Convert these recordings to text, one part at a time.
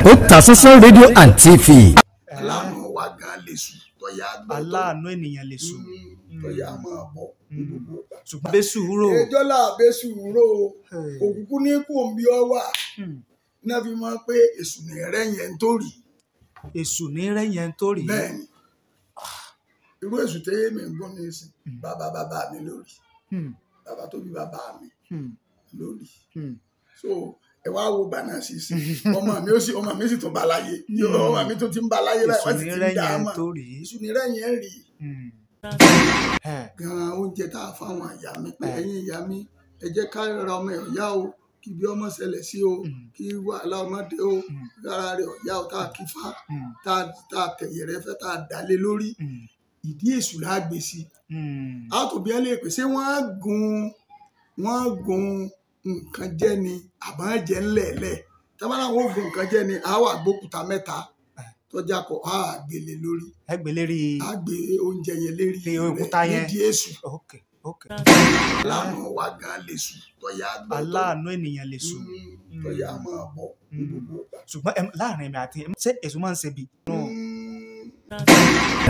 Otasansan rédíò and TV. aláàánú wa gan lè sùn tọ́yà gbọ́dọ̀ aláàánú ènìyàn lè sùn mm, tọ́yà máa bọ̀ mm. ṣùgbọ́n bẹ́ sùúrò ẹjọ́ là bẹ́ sùúrò òkùnkùn ní kò ń bí ọ wà hmm. náà fi máa pé èṣù ní rẹ̀ yẹn ń tó rí. ní rẹ̀ yẹn ń tó rí. Ah. irú èṣù téyé mi ń gbọ́ ní ìsìn hmm. bàbá bàbá mi lórí hmm. bàbá tó bí bàbá mi lórí so ẹ wá wo bàná sísè ọmọ mi ó sì ọmọ mi sì tún bá láyé hmm. ọmọ mi tún ti ń bá láyé láì wá sí ti ń dá a mọ ìsúnirẹ́yìn ẹ̀ rí hmm. gan oúnjẹ tá a fáwọn àyà mi pé hmm. ẹ̀yin ìyá mi ẹ jẹ́ ká ra ọmọ ẹ̀ ọ̀yá o kí bí ọmọ ṣẹlẹ̀ sí o kí wàhálà ọmọdé o rárá rẹ̀ ọ̀yá o tá a kí fa tá a tẹ̀yẹ̀ rẹ fẹ́ tá a dálé lórí ìdí èṣù la gbé a tó bí ẹ lè pèsè wọ́n á gun wọ́n á gun nǹkan jẹ ni àbá jẹ ńlẹ̀ẹ́lẹ̀ tábàlà wọn ògùn nǹkan jẹ ni a wà gbókùtà mẹ́ta tọ́jà kọ a gbélé lórí ẹ gbélé rí i a gbé oúnjẹ yẹn lérí rẹ nídìí èṣù aláàánú wa gan lè sùn tọ́yà gbọ́dọ̀ aláàánú ènìyàn lè sùn mm, tọ́yà máa bọ̀ mm. gbogbo ṣùgbọ́n láàrin mi àti ṣé èso máa ń ṣe bí. Mm.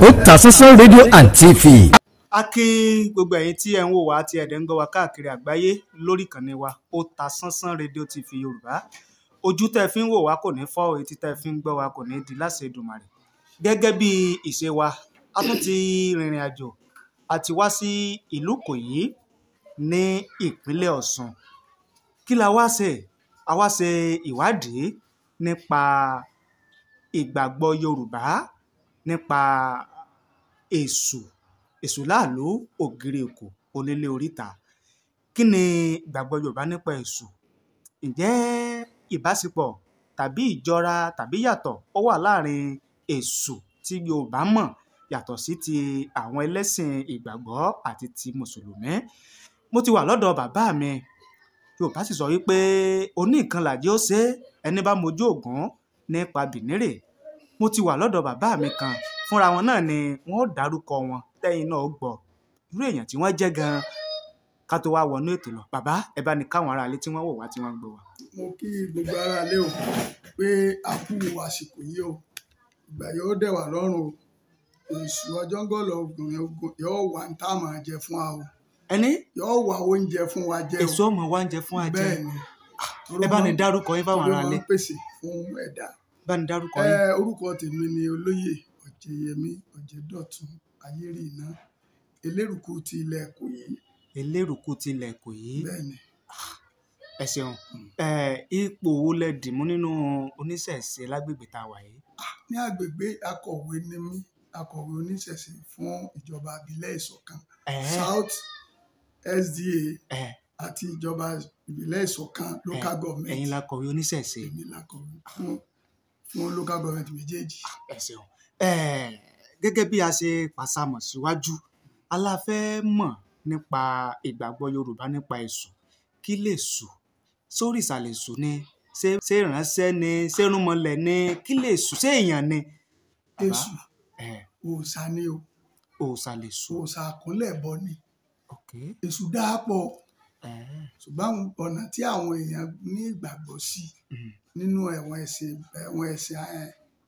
ó ta sánsán rédíò and tv a kí gbogbo ẹ̀yin tí ẹ̀ ń wò wá tí ẹ̀ dẹ̀ ń gbọ́ wá káàkiri àgbáyé lórí ìkànnì wa Otasansan rédíò TV Yorùbá ojú tẹ́ fi ń wò wá kò ní fọ́ etí tẹ́ fi ń gbọ́ wá kò ní di láṣẹ Èdùmàrè gẹ́gẹ́ bí ìṣe wa a tún ti rìnrìn àjò a wá sí ìlú Ìkòyí ní ìpínlẹ̀ Ọ̀ṣun kí la wá ṣe a wá ṣe ìwádìí nípa ìgbàgbọ́ Yorùbá nípa Èṣù èṣù láàlú ògiri èkó onílé oríta kí ni ìgbàgbọ́ yorùbá nípa èṣù ǹjẹ́ ìbáṣepọ̀ tàbí ìjọra tàbí yàtọ̀ ó wà láàrin èṣù tí yorùbá mọ̀ yàtọ̀ sí ti àwọn ẹlẹ́sìn ìgbàgbọ́ àti ti mùsùlùmí mo ti wà lọ́dọ̀ bàbá mi yorùbá sì sọ wípé oní nǹkan làjẹ́ ó ṣe ẹni bá mojú ògún nípa bìnírè mo ti wà lọ́dọ̀ bàbá mi kan fúnra wọn náà ni wọ́n dárúkọ wọn tẹ́yìn náà gbọ́ irú èèyàn tí wọ́n jẹ́ gan ká tó wá wọnú ètò lọ bàbá ẹ bá ní káwọn aráalé tí wọ́n wò wá tí wọ́n gbọ́ wá. mo kí gbogbo aráalé o pé àsìkò o ìgbà yóò dẹwà o ọjọ ogun yóò wà fún wa ẹni. yóò wà oúnjẹ fún wa jẹ èso oúnjẹ fún wa jẹ. ni olóyè ọ̀jẹ̀yẹmí ayé rí iná elérùkù ti ilẹ̀ ẹ̀kọ́ yìí. elérùkù ti ilẹ̀ ẹ̀kọ́ yìí. bẹ́ẹ̀ni. ẹ ṣeun hmm. ipò wo lẹ dì mú nínú oníṣẹ̀ṣe lágbègbè tá a wà yìí. ní agbègbè akọ̀wé ni mí akọ̀wé oníṣẹ̀ṣe fún ìjọba abilẹ̀ ìṣọ̀kan south sda àti ìjọba ìbílẹ̀ ìṣọ̀kan local government. ẹ̀yin la kọ̀wé oníṣẹ̀ṣe. èmi la kọ̀wé fún fún local government méjèèjì. ẹ ṣeun gẹ́gẹ́ bí a ṣe pàṣàmọ̀ síwájú a la fẹ́ mọ̀ nípa ìgbàgbọ́ Yorùbá nípa Èṣù kí lèṣù sórìṣà lèṣù ni ṣé ṣé ìránṣẹ́ ni ṣé irúnmọlẹ̀ ni kí lèṣù ṣé èèyàn ni. Èṣù òòṣà ni o òòṣà lèṣù òòṣà àkúnlẹ̀bọ ni Èṣù dáàpọ̀ ṣùgbọ́n ọ̀nà tí àwọn èèyàn ní ìgbàgbọ́ sí mm. nínú ẹ̀wọ̀n ẹ̀sìn ẹ̀wọ̀n ẹ̀sìn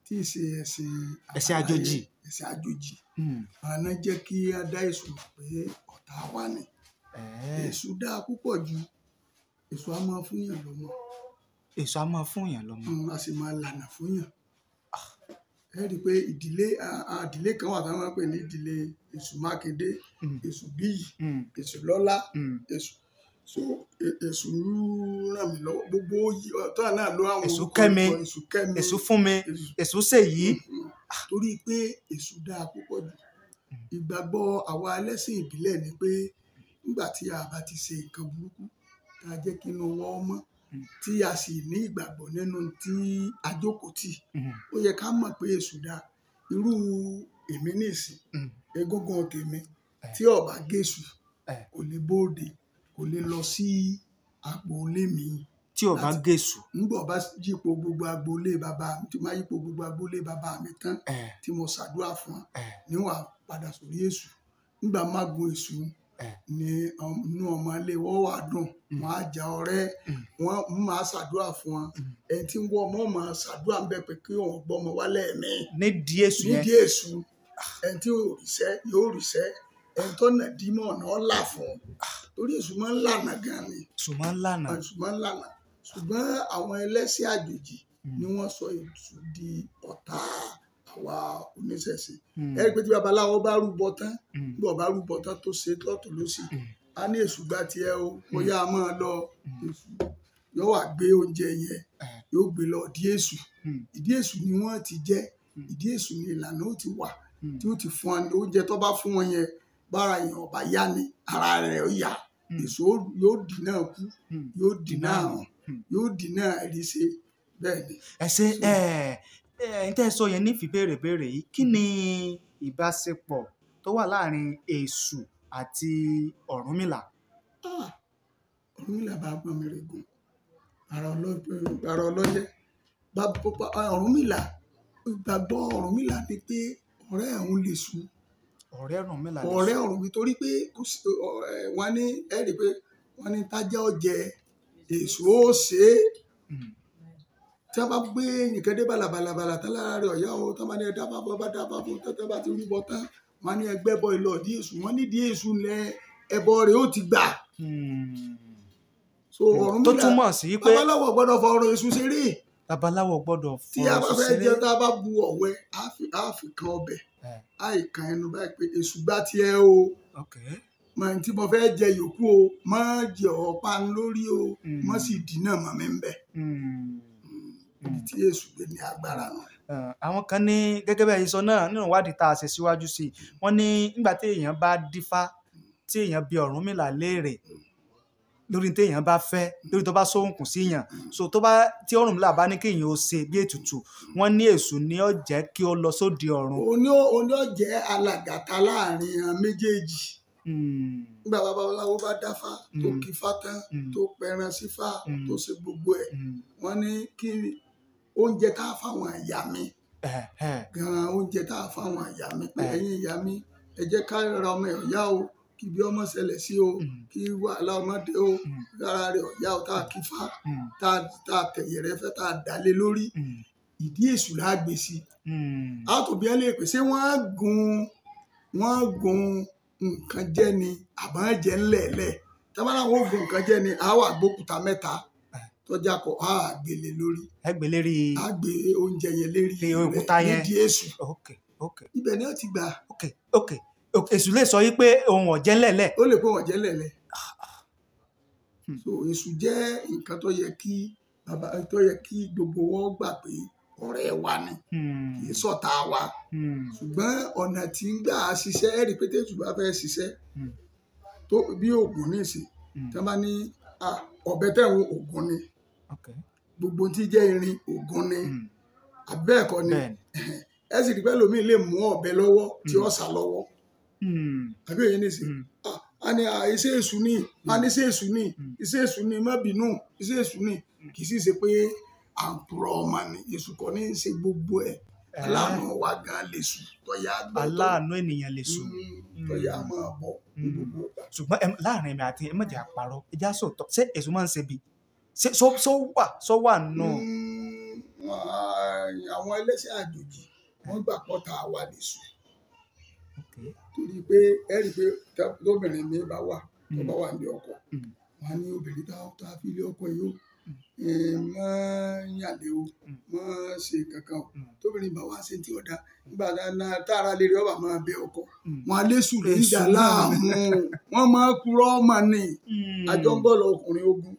tí ì ṣe ẹ̀sìn àbáláyé ẹ̀sìn àjòjì ẹ̀sìn àjòjì hmm. àná jẹ́ kí a dá èṣù mọ̀ pé ọ̀tá wa ni èṣù dáa púpọ̀ ju èṣù á máa fún yàn lọ́mọ. èṣù á máa fún yàn lọ́mọ. Hmm, a sì máa lànà fún yàn ah. ẹ rí i pé ìdílé àdílé kan wà táwọn pè ní ìdílé èṣù mákindé hmm. èṣù bíyì èṣù lọ́lá èṣù so e, èṣù ràn mí lọ́wọ́ gbogbo tó náà ló àwọn èṣù kẹ́mi èṣù fún mi èṣù ṣèyí. Mm, mm. torí pé èṣù dáa púpọ̀ jù ìgbàgbọ́ àwa ẹlẹ́sìn ìbílẹ̀ ni pé nígbà tí a bá ti ṣe nǹkan burúkú tá a jẹ́ kí inú wọn mọ́ mm. tí a sì ní ìgbàgbọ́ nínú tí a jókòó tì ó yẹ ká mọ̀ pé èṣù dáa irú èmi nìsín egungun tèmi eh. tí ọba gẹ̀ẹ́sù eh. kò lè bóde kò lè lọ sí agboolé mi. tí ọba gèsù. nígbà ọba yípo gbogbo agboolé bàbá tí mo yípo gbogbo agboolé bàbá mi tán tí mo ṣàdúrà fún níwà padà sórí èṣù nígbà má gun èṣù ni um, inú ọmọ ilé wọn wà dùn mm. wọn á jà ọ̀rẹ́ mm. wọn máa ṣàdúrà fún wọn mm. ẹni tí wọn mọ máa ṣàdúrà ń bẹ pé kí wọn gbọmọ wálé mi. ní díẹ̀ sùn yẹn ní díẹ̀ sùn ẹni tí yóò ríṣẹ́ yóò ríṣẹ́ ẹni tó nà dímọ̀ ọ̀nà ọ̀là fún torí èṣù máa gan ni èṣù máa ń lànà èṣù máa ń lànà ṣùgbọ́n àwọn ẹlẹ́sìn àjòjì hmm. ni wọ́n sọ èṣù di ọ̀tá àwa oníṣẹ̀ṣe hmm. ẹ̀rí pé tí babaláwo bá rúbọ tán hmm. bí ọba rúbọ tán tó ṣe tọ́tù lọ́sì a ní èṣù gba tiẹ̀ o kò yá a máa lọ èṣù yóò wá gbé oúnjẹ yẹn eh. yóò gbé lọ ìdí èṣù ìdí èṣù ni wọ́n ti jẹ ìdí èṣù ni ìlànà ó ti wà tí ó ti fún oúnjẹ tó bá fún wọn yẹn bára yẹn ọba yá ni ara rẹ̀ ó yá hmm. èso yóò dínà kú hmm. yóò dínà hàn hmm. yóò dínà ẹ̀ríṣe bẹ́ẹ̀ ni. ẹ ṣe ẹ ẹ n tẹ́ sọ yẹn nífi béèrè béèrè yìí kí ni ìbáṣepọ̀ tó wà láàrin èṣù àti ọ̀rúnmìlà. Ah, ọ̀rúnmìlà bá gbọ́n mi rẹ̀ gùn ara ọlọ́jẹ́ ọ̀rúnmìlà gbàgbọ́ ọ̀rúnmìlà ni pé ọ̀rẹ́ àwọn lè sùn ọ̀rẹ́ ọ̀rùn mi làlẹ́ ọ̀rẹ́ ọ̀rùn mi torí pé wọ́n ní ẹ rí i pé wọ́n ní tájá ọ̀jẹ̀ èso ó ṣe é hmm. tí wọ́n bá gbé nìkan balabalabala tán lára rẹ̀ ọ̀yá o tán bá ní ẹ̀dá bàbá bá dábàá fún tán bá ti rí bọ́ tán wọ́n ní ẹgbẹ́ bọ́ ilọ̀ dí èso wọ́n ní dí èso lẹ ẹbọ rẹ̀ ó ti gbà. Hmm. so ọ̀run mi là tó túmọ̀ sí pé babaláwo gbọ́dọ̀ fọ ọ̀rọ̀ èso ṣeré babaláwo gbọ́dọ̀ fún ọ sí tí a bá fẹ́ jẹun tá a bá bu ọ̀wẹ́ a fi kan ọbẹ̀ a yìí kan ẹnu báyìí pé èṣù gbá tiẹ̀ o mọ tí mo fẹ́ jẹ yòókù o mọ jẹ ọ̀pá ń lórí o mọ hmm. sì dínà mọ́ mi ń bẹ̀ ibi hmm. hmm. tí èṣù gbé ní agbára náà àwọn kan ní gẹ́gẹ́ bẹ́ẹ̀ sọ náà nínú ìwádìí tá a ṣe síwájú sí i wọ́n ní nígbà tí èèyàn bá dífá tí èèyàn bi Ọ̀rúnmìlà léèrè lórí téèyàn bá fẹ́ lórí tó bá sóhunkùn sí yàn so tó bá tí ọ̀run là bá ní kí èèyàn ó ṣe bí ètùtù wọ́n ní èṣù ni ó jẹ́ kí ó lọ sóde ọ̀run. òní òní ó jẹ́ alàgàtà láàrin àwọn méjèèjì hmm. nígbà babaláwo bá dáfá tó hmm. kí fátán hmm. tó pẹran sífá tó ṣe gbogbo ẹ̀ wọ́n ní kí oúnjẹ tá a fáwọn àyà mi gan oúnjẹ tá a fáwọn àyà mi pé ẹ̀yin ìyá mi ẹ jẹ́ ká ra ọmọ ẹ̀ o kí ibi ọmọ ṣẹlẹ̀ sí o hmm. kí wàhálà ọmọdé o hmm. rárá rẹ ọ̀yá o tá a kí fa hmm. tá a tẹ̀yẹ̀ rẹ fẹ́ tá a dálé lórí ìdí èṣù là gbé sí. a ẹ lè pèsè wọn á gun wọn á gun nǹkan jẹ ni àbọ̀n jẹ ńlẹ̀ẹ́lẹ̀ tábàlà wọn ò gun nǹkan jẹ ni a wà gbókùtà mẹ́ta tọ́jà kọ á gbélé lórí. ẹ gbé lérí. a gbé oúnjẹ yẹn lérí rẹ nídìí èṣù. ok ok. ibẹ̀ ni ó ti gbà. ok ok. okay èṣù lè sọ wípé ohun ọ̀jẹ́ lẹ̀lẹ̀. ó lè pé ọ̀jẹ́ lẹ̀lẹ̀ hmm. so èṣù jẹ́ nǹkan tó yẹ kí bàbá tó yẹ kí gbogbo wọn gbà pé ọ̀rẹ́ wa ni hmm. kì í ṣọ̀tá wa hmm. ṣùgbọ́n ọ̀nà tí ń gbà ṣiṣẹ́ ẹ̀rí pété èṣù bá fẹ́ ṣiṣẹ́ tó bí oògùn ní ìsìn tí wọ́n bá ní ọ̀bẹ tẹ̀wọ̀n oògùn ni gbogbo tí jẹ́ irin oògùn ni àbẹ́ẹ̀kọ́ ni ẹ sì lómi lè mú ọ̀bẹ lọ́wọ́ tí ó sá lọ́wọ́. Hmm. àbí òye nìsí hmm. a ah iṣẹ́ èṣù ni hmm. a ní iṣẹ́ èṣù ni iṣẹ́ èṣù ni má bínú iṣẹ́ èṣù ni kì í sì ṣe pé à ń purọ́ ọmọ ni èṣù kọ́ ní í ṣe gbogbo ẹ̀ eh. aláàánú wa gan lè sùn tọ́yà àgbà tó aláàánú ènìyàn lè sùn tọ́yà máa bọ̀ ní gbogbo ìgbà. ṣùgbọ́n láàrin èmi àti ẹ mọ̀jẹ̀ àparọ́ ẹja sọ̀tọ̀ ṣé èṣù máa ń ṣe bí sọ wà sọ wà nù. àwọn ẹlẹ́sẹ̀ àjòjì wọ́n gbà pọ́ta àwa lè sùn torí pé ẹ rí i pé lóbìnrin mi bá wà tó bá mm. wà ní ọkọ mm. wọn á ní obìnrin mm. tá a fi ilé ọkọ yìí ó mọ yàlẹ o mọ ṣe kankan o tóbìnrin bá wà ṣe ti ọ̀dà nígbà náà tára lè rí ọba máa bẹ ọkọ wọn á lé ìjà láàmú wọn máa kúrọ ọmọ ni àjọ ń bọ̀ ọkùnrin ogun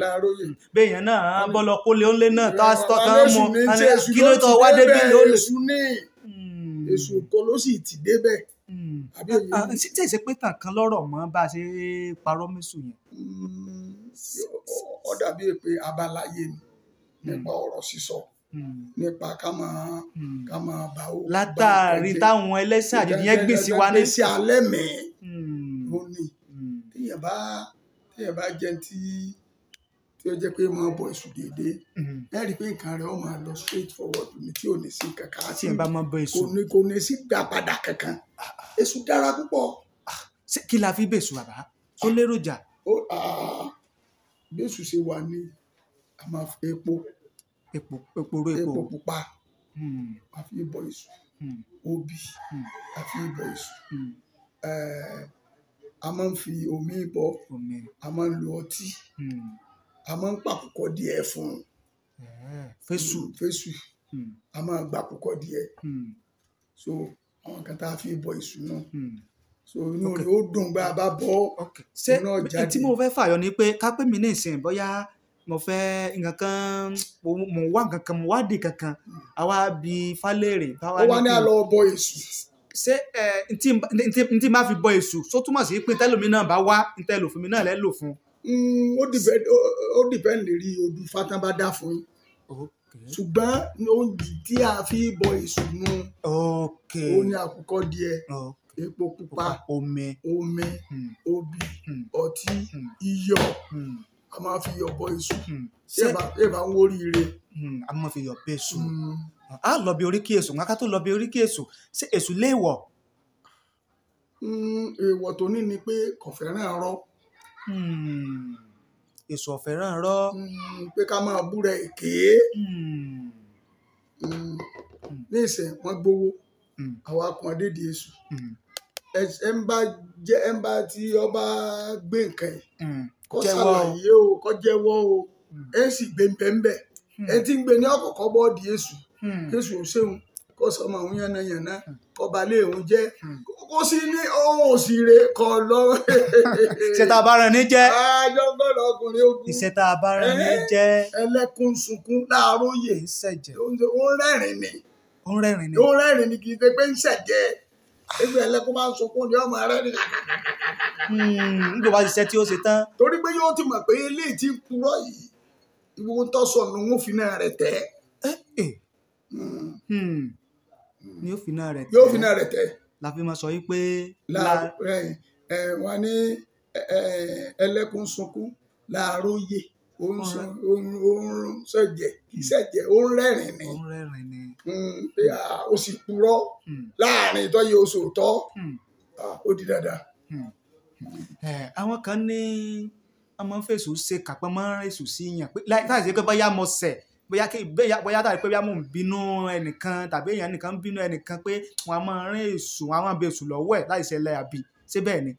láàárọ̀yè. béèyàn náà bọ́lọ̀ kólé ó lé náà tá a sọ kan kí ló tọ́ wá débi ló èṣù kò ló sì ti débẹ̀. ṣé ìṣe pé tàn kan lọ́rọ̀ mọ́ bá a ṣe parọ́ mẹ́sù yẹn. ó dàbí pé abala yé mi nípa ọ̀rọ̀ sísọ nípa ká máa bá ó. látàrí táwọn ẹlẹ́sìn àjèjì yẹn gbèsè wa ní. ẹlẹ́sìn alẹ́ mẹ́ẹ̀ ó ní téèyàn bá téèyàn bá jẹ́ ti tí ó jẹ́ pé máa bọ̀ èṣù déédéé mm-hmm. ẹ rí i pé nǹkan rẹ̀ ó máa lọ straight forward mi tí ò ní sí kankan àti kò ní kò ní sí gbà padà kankan èṣù dára púpọ̀. kí la fi bèṣù bàbá tó léròjà. bèṣù ṣe wà ní epo epo epo epo pupa àfi hmm. bọ èṣù hmm. obì àfi hmm. bọ èṣù a máa ń fi omi bọ a máa ń lo ọtí a máa ń pàkókọ díẹ̀ fún un fésù hmm, fésù hmm. a máa gbà púpọ̀ díẹ̀ hmm. so àwọn kan tá a fi bọ ìṣúná so inú rẹ ó dùn bá a bá bọ iná jáde. ṣé tí mo fẹ́ fàyọ ni pé ká pè mí ní ìsìn bóyá mo fẹ́ nǹkan kan mo wá nǹkan kan mo wádìí kankan àwa bi falẹ́rẹ̀ báwa ní. ó wá ní àlọ́ bọ èṣù. ṣé ẹ n tí n tí n bá fi bọ èṣù sótúmọ̀ sí pé tẹ́lómi náà bá wá n mi náà lẹ́ lò fún un Mm, ó dìpẹ́ǹd lérí ojú fátán bá dá fún yín ṣùgbọ́n oúnjẹ tí a fi bọ ìṣùnú ó ní àkùkọ díẹ̀ epo pupa omi omi hmm. obì hmm. ọtí hmm. iyọ̀ a máa fi yọ̀ bọ iṣu yẹ́bà ń wórí ire. a máa fi yọ̀ bẹ́ẹ̀ sùn a lọ bí oríkì èso nǹkan ká tó lọ bí oríkì èso ṣé èso léèwọ̀. èèwọ̀ tó ní ni pé kò fẹ́ràn Hmm. èso ọ̀fẹ́ ràn rọ́. Hmm, pé ká máa búra èké hmm. ní ìsẹ̀ wọn gbowó àwa kan dédé èso ẹ ń bá ọba gbé nǹkan yìí kó o o ẹ sì gbé ẹ ti ń gbé ní bọ́ọ̀dì èso èso kó òun kó ba kó sí ní ohun òsìrè kọ lọ. iṣẹ́ tá a bá rán ní jẹ́. ajọ́gbọ́dọ̀ ọkùnrin ogun. iṣẹ́ tá a bá rán ní jẹ́. ẹlẹ́kùn sunkún láàárọ̀ yè. ń ṣẹ̀jẹ̀. ó ń rẹ́rìn ni. ó ń rẹ́rìn ni. ó ń rẹ́rìn ni kì í ṣe pé ń ṣẹ̀jẹ̀. ebi ẹlẹ́kùn máa ń sunkún ni ọmọ rẹ ni kàkàkàkàkà. nígbà wá iṣẹ́ tí ó ṣe tán. torí pé yóò ti mọ̀ pé ilé ti ń purọ́ yìí ìwọ ń fi náà eh, eh. hmm. hmm. ó fi náà rẹ̀ tẹ́ la fi máa sọ yìí pé. ẹ wọn ní ẹlẹ́kùn sunkún láàárọ yè òun sọjẹ kì í sẹjẹ òun rẹ́rìn ni hmm, ó sì purọ́ hmm. láàrin tó yẹ oṣù tọ ó di dáadáa. Hmm. àwọn kan ní ọmọ fèsù ṣe kàpẹ́ mọ́ èsù sí yàn láì sáà pé báyà mọ̀ sẹ̀ bóyá kí bóyá bóyá tàbí pé bóyá mò ń bínú ẹnìkan tàbí èèyàn nìkan ń bínú ẹnìkan pé wọn a máa rín èṣù wọn a máa bẹ èṣù lọ́wọ́ ẹ̀ láì ṣẹlẹ̀ àbí ṣé bẹ́ẹ̀ ni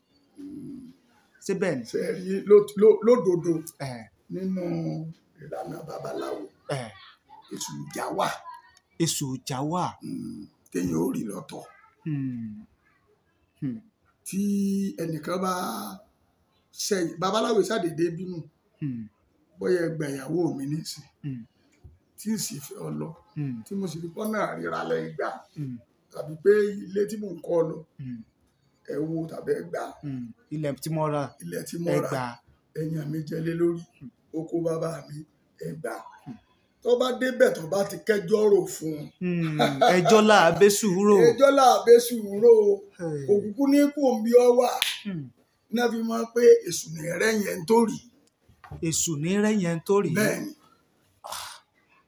ṣé bẹ́ẹ̀ ni. ṣe rí lódodo nínú ìlànà babaláwo èṣù ìjà wà. èṣù ìjà wà. Hmm, kéèyàn ó rí lọ́tọ̀. Hmm. Hmm. tí ẹnìkan bá ṣe babaláwo ṣàdédé bínú bóyá ẹgbẹ̀yàwó mi nísìn. Mm tí n sì fẹ́ ọ lọ hmm. tí mo sì rí pọ́nà ríra lẹ gbà hmm. tàbí pé ilé tí mò ń kọ́ lọ hmm. ẹ wo tàbí ẹ gbà. ilẹ̀ tí mo ra ilẹ̀ tí mo ra ẹ̀yàn mi jẹ́lé lórí oko bàbá mi ẹ gbà tó bá débẹ̀ tó bá ti kẹjọ́ rò fún un. ẹjọ́ làbẹ́ sùúrò. ẹjọ́ làbẹ́ sùúrò òkùnkùn ní kò ń bí ọ wà náà fi mọ̀ pé èṣù ní rẹ̀ yẹn ń tó rí. èṣù ní rẹ̀ yẹn ń tó rí. bẹ́ẹ̀ni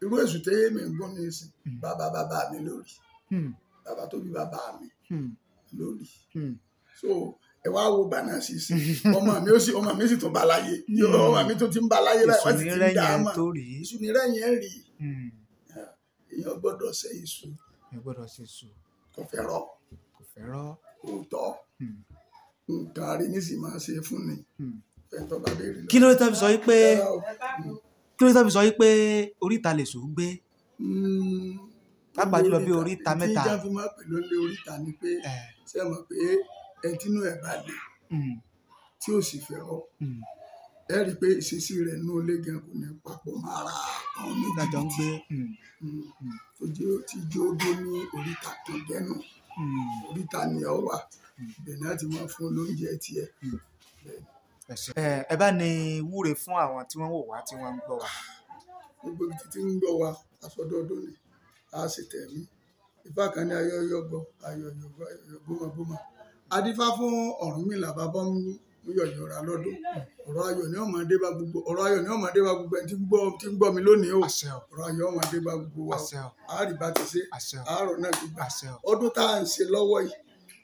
irú èsù tẹ́yẹ mi ń gbọ́ mi sí hmm. bàbá bàbá mi lórí hmm. bàbá tó bí bàbá mi hmm. lórí so ẹ wá wo bàná sí sí ọmọ mi ó sì ọmọ mi sì tún bá láyé ọmọ mi tó ti ń bá láyé láì wá sí ti ń dá a mọ èsù ni rẹ́yìn ẹ̀ rí èèyàn gbọ́dọ̀ ṣe èsù èèyàn gbọ́dọ̀ ṣe èsù kò fẹ́ rọ kò fẹ́ rọ òótọ́ nǹkan àrí nísìnyí máa ṣe fún ni fẹ́ tọ́ bá béèrè lọ. kí ló dé tàbí sọ yìí pé kí ló sábì sọ yí pé oríta lè sùn gbé hmm, pápá jùlọ bí oríta mẹ́ta. kí n jáfi máa pè ló lé oríta ni pé ṣé mọ̀ pé ẹtínú ẹ̀ bá lè hmm. tí ò sì fẹ́ ọ hmm. ẹ rí i pé ìṣesí rẹ̀ nínú ilé gan kò ní papọ̀ mara àwọn méjì tí jẹ́ ti jó dó ní oríta tó gẹ́nu oríta ni ọ wà bẹ̀rẹ̀ láti máa fún lóúnjẹ tiẹ̀ bẹ́ẹ̀ ni ẹ bá ní wúre fún àwọn tí wọ́n ń wò wá tí wọ́n ń gbọ́ wa. gbogbo ibi títí ń gbọ́ wa àsọdọọdún ni a sì tẹ̀mí ìfá kan ní ayọyọgbọ ayọyọgbọ ayọyọgbọmọgbọmọ adífá fún Ọ̀rúnmìlà bàbá ń yọ̀yọ̀ra lọ́dún ọ̀rọ̀ ayọ̀ ni ọmọ adé bá gbogbo ọ̀rọ̀ ayọ̀ ni ọmọ adé bá gbogbo ẹni tí ń gbọ́ tí ń gbọ́ mi lónìí o ọ̀rọ̀ ayọ̀ ọmọ adé bá gbogbo wa o àárí bá ti ṣe àárọ̀ náà gbogbo ọdún tá à ń ṣe lọ́wọ́ yìí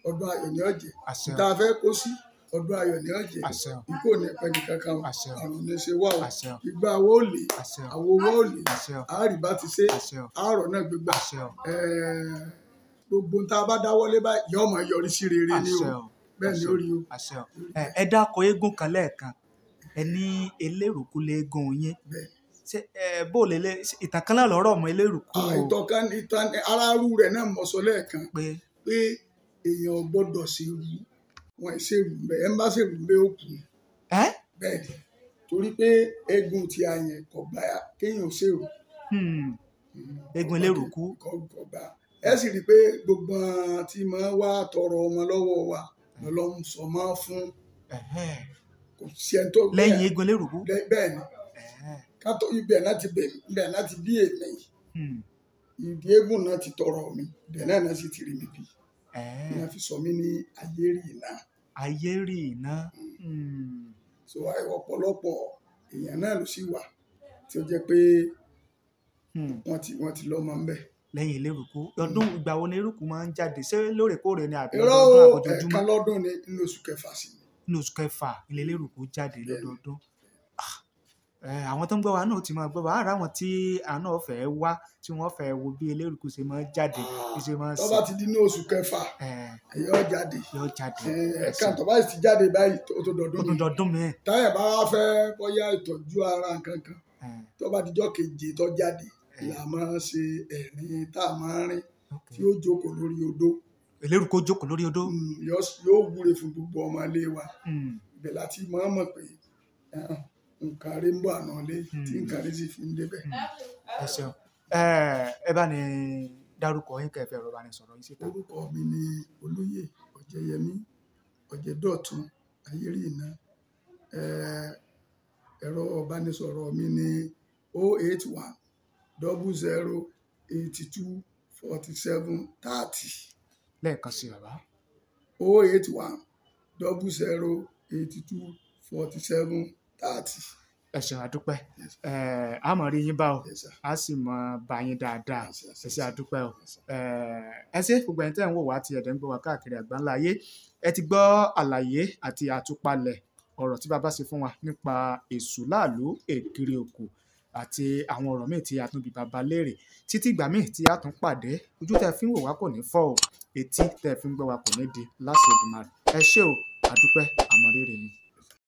ọdún ayọ̀ ni ọ̀jẹ̀ tá a fẹ́ kó sí ọdún ayọ̀ ní ọ̀jẹ̀ ikú ò ní pẹ́ni kankan àrùn ní ṣe wá o ìgbà wo ò lè àwo wo ò lè àárì bá ti ṣe àárọ̀ náà gbégbà gbogbo tá a bá dáwọ́lé báyìí yọ ọmọ yọrí sí rere ni o bẹ́ẹ̀ ni ó rí o. ẹ dákọ eégún kan lẹ́ẹ̀kan ẹ ní elérùkú léegun yín bó lè lè ìtàn kan náà lọ́rọ̀ ọmọ elérùkú. ìtàn kan aráàlú rẹ̀ náà mọ̀ sọ lẹ́ẹ̀kan pé èèyàn gbọ́dọ̀ ṣe rú wọn ṣe bẹ̀ bá ṣe ó kù. ni torí pé eegun ti kéèyàn eegun hmm. hmm. kú. ẹ sì rí i pé gbogbo tí máa wá tọrọ ọmọ lọ́wọ́ wa lọ́lọ́run sọ máa fún. kò sí ẹni tó bẹ́ẹ̀ lẹ́yìn eegun lérò kú. bẹ́ẹ̀ ni kátó ibẹ̀ náà ti bẹ̀ náà ti bí èmi hmm. ìdí eégún náà ti tọrọ mi náà náà sì ti rí mi bí. ní a fi ayé rè ná. Hmm. so ọ̀pọ̀lọpọ̀ èèyàn náà ló sì wà tí ó jẹ́ pé hmm. wọ́n ti wọ́n ti lọ́mọ ńbẹ̀. lẹ́yìn eléruku hmm. ọdún ìgbà wo ni eruku máa ń jáde ṣé lóòrèkóòrè ni àbí ọdún àbọ̀dọ́júmọ́. ẹ̀ka lọ́dún ni nínú oṣù kẹfà sí. nínú oṣù kẹfà ilé eléruku jáde lọ́dọọdún àwọn tó ń gbọ́ wa náà ti máa gbọ́ wa á ráwọn tí àánú ọ̀fẹ́ wá tí wọ́n fẹ́ wo bí eléruku ṣe máa jáde ah, bí ṣe máa sìn. tó ti di ní oṣù kẹfà yóò jáde yóò jáde ẹ̀ka tó ti jáde báyìí tó dọ̀dún mi táyà bá wá fẹ́ bóyá ìtọ́jú ara nǹkan kan tó keje tó jáde là máa ṣe ẹ̀rín tá a máa rìn tí ó jókòó lórí odó. eléruku jókòó lórí odó. Mm, yóò wúre fún gbogbo ọmọ ilé wa mm. ibẹ̀ láti máa mọ̀ pé nkari ń anọle àná nkari fi ndebe. Hmm. ẹ ṣeun ẹ bá ní dárúkọ yín kẹfẹ ọ̀rọ̀ bá ní sọ̀rọ̀ yín síta. orúkọ mi ni olóyè ọ̀jẹ̀yẹmí ọ̀jẹ̀dọ̀tun ayérìíná ẹ̀rọ ìbánisọ̀rọ̀ mi ni o oh eight one double zero eighty two forty seven thirty. lẹ́ẹ̀kan sí bàbá. Oh o thirty. ẹ ṣeun àdúpẹ́ ẹ a mọ̀ rí yín bá o a sì mọ̀ bá yín dáadáa ẹ ṣe àdúpẹ́ o ẹ ṣe gbogbo ẹni tẹ́ ń wò wá ti ẹ̀dẹ̀ ń gbọ́ wá káàkiri àgbáńlá ayé ẹ ti gbọ́ àlàyé àti àtúpalẹ̀ ọ̀rọ̀ tí bàbá ṣe fún wa nípa èṣù láàlú èkiri òkú àti àwọn ọ̀rọ̀ míì tí a tún bi bàbá léèrè títí ìgbà míì tí a tún pàdé ojú tẹ́ fi ń wò wá kò ní fọ́ o etí tẹ́ fi ń gbọ́ wá kò ní di láṣẹ Èdùmàrè ẹ ṣé o àdúpẹ́ àmọ̀rírì ni.